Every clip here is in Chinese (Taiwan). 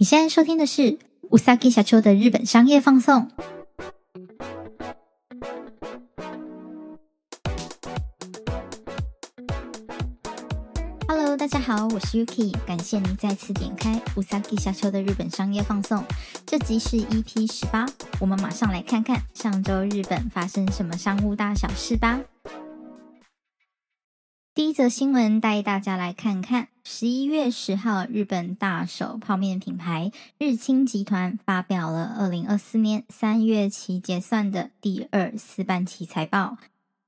你現在收聽的是《うさぎ社長》的日本商業放送。Hello，大家好，我是 Yuki，感謝您再次點開《うさぎ社長》的日本商業放送。這集是 EP 十八，我們馬上來看看上周日本發生什麼商務大小事吧。第一則新聞帶大家來看看。十一月十號，日本大手泡麵品牌日清集團發表了二零二四年三月期結算的第二四半期財報，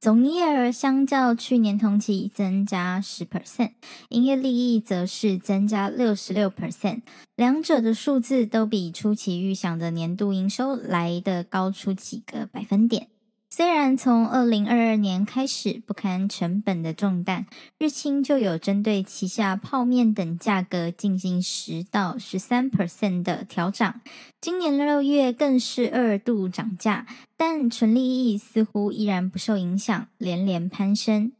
總營業額相較去年同期增加十 percent，營業利益則是增加六十六 percent，兩者的數字都比初期預想的年度營收來得高出幾個百分點。雖然從二零二二年開始不堪成本的重擔，日清就有針對旗下泡麵等價格進行十到十三 percent 的調漲。今年六月更是二度漲價，但純利益似乎依然不受影響，連連攀升。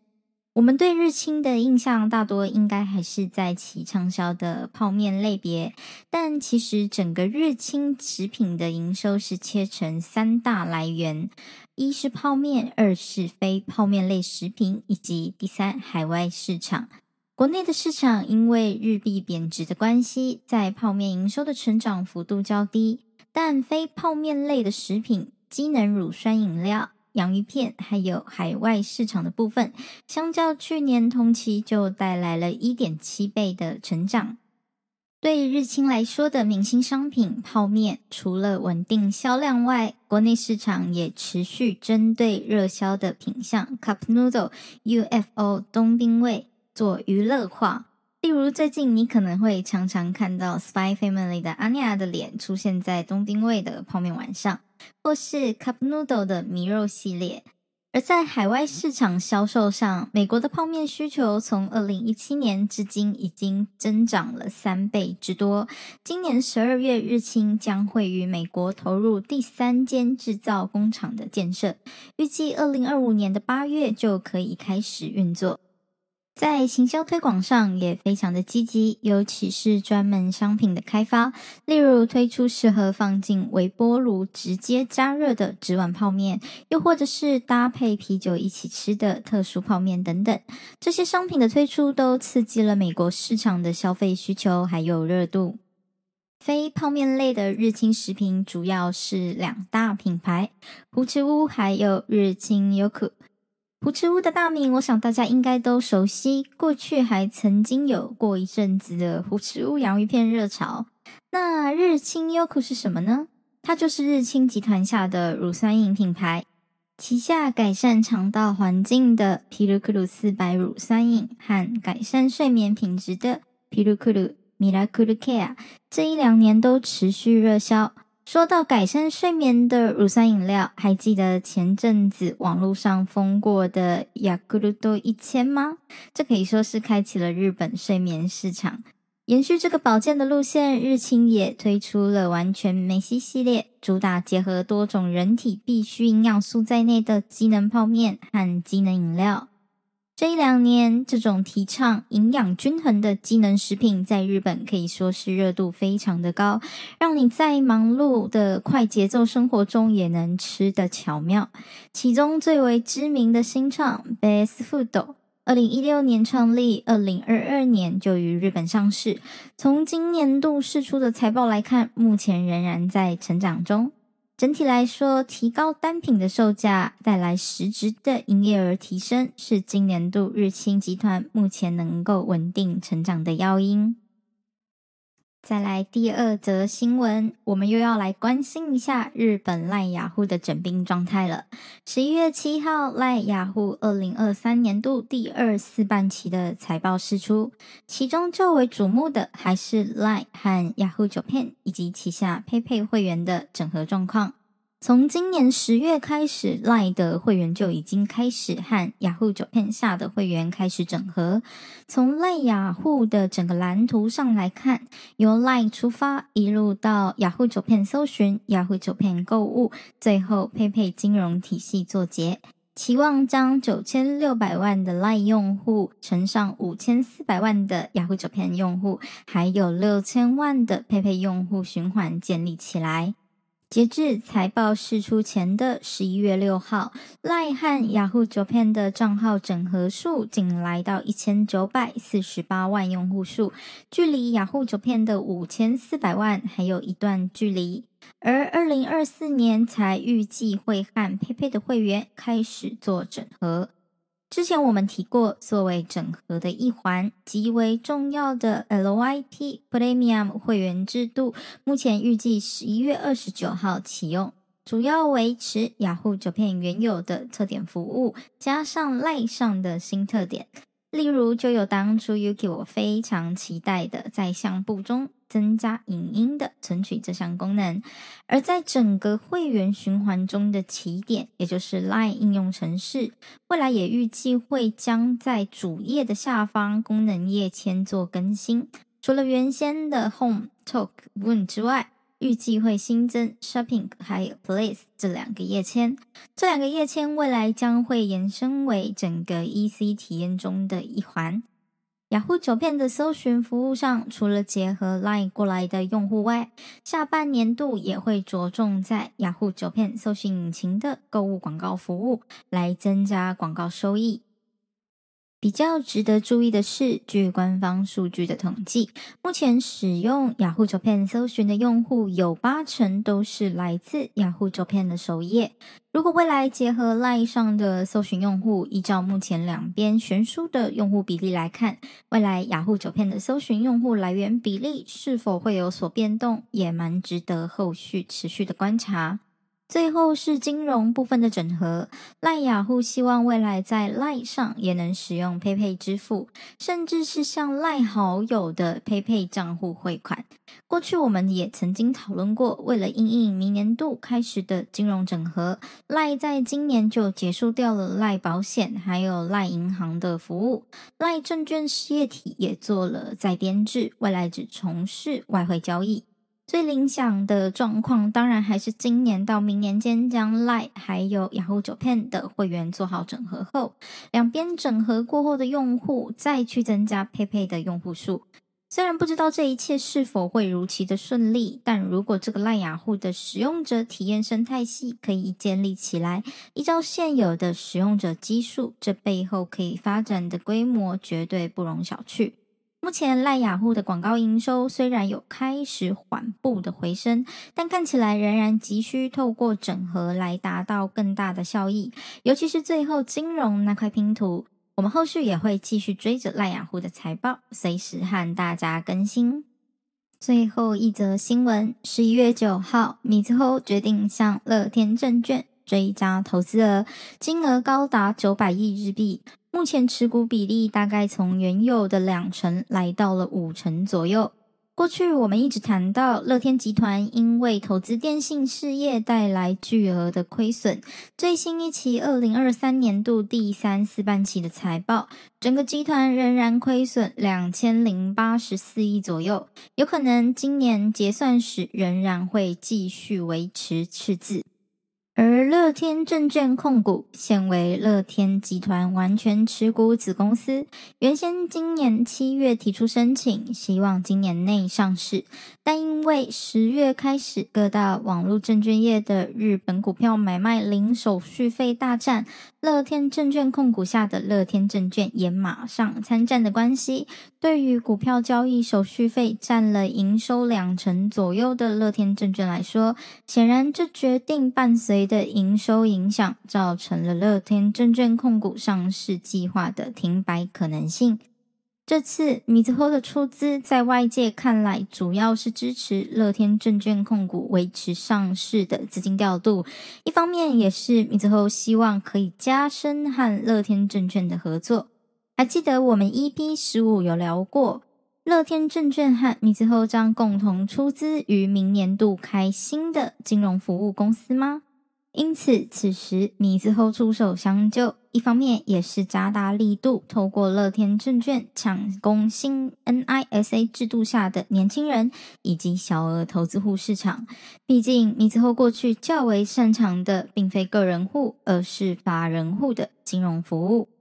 我們對日清的印象大多應該還是在其暢銷的泡麵類別，但其實整個日清食品的營收是切成三大來源：一是泡麵，二是非泡麵類食品，以及第三海外市場。國內的市場因為日幣貶值的關係，在泡麵營收的成長幅度較低，但非泡麵類的食品，機能乳酸飲料、洋芋片還有海外市場的部分，相較去年同期就帶來了一點七倍的成長。對於日清來說的明星商品泡麵，除了穩定銷量外，國內市場也持續針對熱銷的品項，cup noodle UFO 東丁味做娛樂化。例如，最近你可能會常常看到《Spy Family》的阿尼亞的臉出現在東丁味的泡麵碗上。或是 Cup Noodle 的迷肉系列，而在海外市場銷售上，美國的泡面需求從2017年至今已經增長了三倍之多。今年十二月日清將會於美國投入第三間製造工廠的建設，預計2025年的八月就可以開始運作。在行銷推廣上也非常的積極，尤其是專門商品的開發，例如推出適合放進微波爐直接加熱的紙碗泡麵，又或者是搭配啤酒一起吃的特殊泡麵等等。這些商品的推出都刺激了美國市場的消費需求還有熱度。非泡麵類的日清食品主要是兩大品牌：湖池屋還有日清優酷。湖池屋的大名，我想大家應該都熟悉。過去還曾經有過一陣子的湖池屋洋芋片熱潮。那日清 Yoku 是什麼呢？它就是日清集團下的乳酸飲品牌，旗下改善腸道環境的皮魯克魯四百乳酸飲和改善睡眠品質的皮魯克魯 Miracle Care，這一兩年都持續熱銷。說到改善睡眠的乳酸飲料，還記得前陣子網絡上瘋過的雅克魯多一千嗎？這可以說是開啟了日本睡眠市場。延續這個保健的路線，日清也推出了完全梅西系列，主打結合多種人體必需營養素在內的機能泡麵和機能飲料。這一兩年，這種提倡營養均衡的機能食品在日本可以說是熱度非常的高，讓你在忙碌的快節奏生活中也能吃得巧妙。其中最為知名的新創 BASE FOOD，二零一六年創立，二零二二年就於日本上市。從今年度釋出的財報來看，目前仍然在成長中。整體來說，提高單品的售價帶來實質的營業額提升，是今年度日清集團目前能夠穩定成長的要因。再來第二則新聞，我們又要來關心一下日本 LINE 雅虎的整併狀態了。十一月七號，LINE 雅虎二零二三年度第二四半期的財報釋出，其中最為矚目的還是 LINE 和 Yahoo Japan 以及旗下 PayPay 會員的整合狀況。從今年十月開始，LINE 的會員就已經開始和雅虎酒片下的會員開始整合。從 LINE 雅虎的整個藍圖上來看，由 LINE 出發，一路到雅虎酒片搜尋、雅虎酒片購物，最後佩佩金融體系作結，期望將九千六百萬的 LINE 用戶乘上五千四百萬的雅虎酒片用戶，還有六千萬的佩佩用戶循環建立起來。截至財報釋出前的十一月六號，LINE 和雅虎 Japan 的賬號整合數僅來到一千九百四十八萬用戶數，距離雅虎 Japan 的五千四百萬還有一段距離。而二零二四年才預計會和 PayPay 的會員開始做整合。之前我們提過，作為整合的一環，極為重要的 LYP Premium 會員制度，目前預計十一月二十九號啟用，主要維持雅虎九片原有的特點服務，加上 LINE 上的新特點，例如就有當初 Yuki 我非常期待的在相簿中。增加影音的存取這項功能，而在整個會員循環中的起點，也就是 LINE 應用程式，未來也預計會將在主頁的下方功能頁籤做更新。除了原先的 Home、Talk、Win 之外，預計會新增 Shopping 還有 Place 這兩個頁籤。這兩個頁籤未來將會延伸為整個 EC 體驗中的一環。雅虎九片的搜尋服務上，除了結合 LINE 過來的用戶外，下半年度也會着重在雅虎九片搜尋引擎的購物廣告服務，來增加廣告收益。比較值得注意的是，據官方數據的統計，目前使用 Yahoo Japan 搜尋的用戶有八成都是來自 Yahoo Japan 的首頁。如果未來結合 LINE 上的搜尋用戶，依照目前兩邊懸殊的用戶比例來看，未來 Yahoo Japan 的搜尋用戶來源比例是否會有所變動，也蠻值得後續持續的觀察。最後是金融部分的整合，賴雅虎希望未來在賴上也能使用 PayPay 支付，甚至是向賴好友的 PayPay 賬戶匯款。過去我們也曾經討論過，為了因應明年度開始的金融整合，賴在今年就結束掉了賴保險，還有賴銀行的服務，賴證券事業體也做了再編制，未來只從事外匯交易。最理想的狀況，當然還是今年到明年間，將 LINE 還有 Yahoo Japan 的會員做好整合後，兩邊整合過後的用戶再去增加 PayPay 的用戶數。雖然不知道這一切是否會如期的順利，但如果這個 LINE 雅虎的使用者體驗生態系可以建立起來，依照現有的使用者基數，這背後可以發展的規模絕對不容小覷。目前，賴雅虎的廣告營收雖然有開始緩步的回升，但看起來仍然急需透過整合來達到更大的效益，尤其是最後金融那塊拼圖。我們後續也會繼續追着賴雅虎的財報，隨時和大家更新。最後一則新聞：十一月九號，Mizuho 決定向樂天證券追加投資額，金額高達九百億日幣。目前持股比例大概從原有的兩成來到了五成左右。過去我們一直談到樂天集團因為投資電信事業帶來巨額的虧損。最新一期二零二三年度第三四半期的財報，整個集團仍然虧損兩千零八十四億左右，有可能今年結算時仍然會繼續維持赤字。而樂天證券控股現為樂天集團完全持股子公司，原先今年七月提出申請，希望今年內上市，但因為十月開始各大網絡證券業的日本股票買賣零手續費大戰，樂天證券控股下的樂天證券也馬上參戰的關係，對於股票交易手續費占了營收兩成左右的樂天證券來說，顯然這決定伴隨的營收影響，造成了樂天證券控股上市計劃的停擺可能性。這次 MIZUHO 的出資，在外界看來，主要是支持樂天證券控股維持上市的資金調度，一方面也是 MIZUHO 希望可以加深和樂天證券的合作。還記得我們 EP 十五有聊過，樂天證券和 MIZUHO 將共同出資於明年度開新的金融服務公司嗎？因此，此時 MIZUHO 出手相救，一方面也是加大力度，透過樂天證券搶攻新 NISA 制度下的年輕人以及小額投資戶市場。畢竟，MIZUHO 過去較為擅長的，並非個人戶，而是法人戶的金融服務。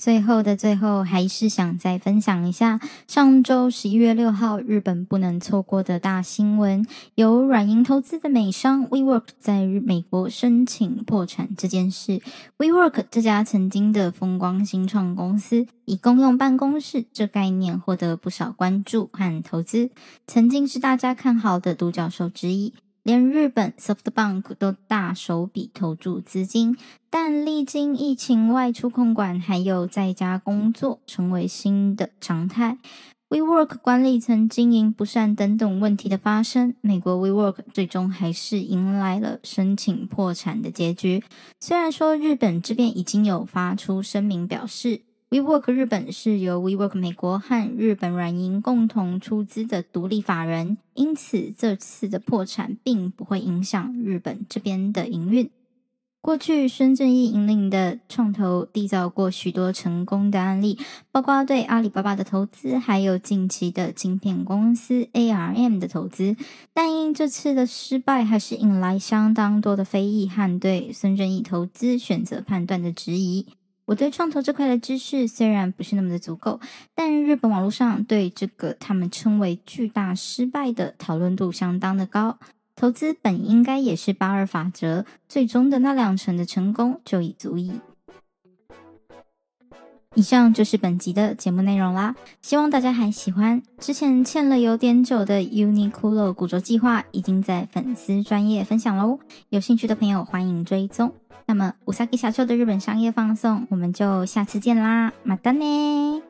最後的最後，還是想再分享一下上周十一月六號日本不能錯過的大新聞：由軟銀投資的美商 WeWork 在日美國申請破產這件事。WeWork 這家曾經的風光新創公司，以公用辦公室這概念獲得不少關注和投資，曾經是大家看好的獨角獸之一。連日本 SoftBank 都大手筆投注資金，但歷經疫情外出控管，還有在家工作成為新的常態，WeWork 管理層經營不善等等問題的發生，美國 WeWork 最終還是迎來了申請破產的結局。雖然說日本這邊已經有發出聲明表示。WeWork 日本是由 WeWork 美國和日本軟銀共同出資的獨立法人，因此這次的破產並不會影響日本這邊的營運。過去孫正義引領的創投締造過許多成功的案例，包括對阿里巴巴的投資，還有近期的晶片公司 ARM 的投資。但因這次的失敗，還是引來相當多的非議和對孫正義投資選擇判斷的質疑。我對創投這塊的知識雖然不是那麼的足夠，但日本網絡上對這個他們稱為“巨大失敗”的討論度相當的高。投資本應該也是八二法則，最終的那兩成的成功就已足矣。以上就是本集的節目內容啦，希望大家還喜歡。之前欠了有點久的 UNIQLO 古著計劃，已經在粉絲專頁分享嘍，有興趣的朋友歡迎追蹤。那麼うさぎ社長的日本商業放送，我們就下次見啦，馬丹呢。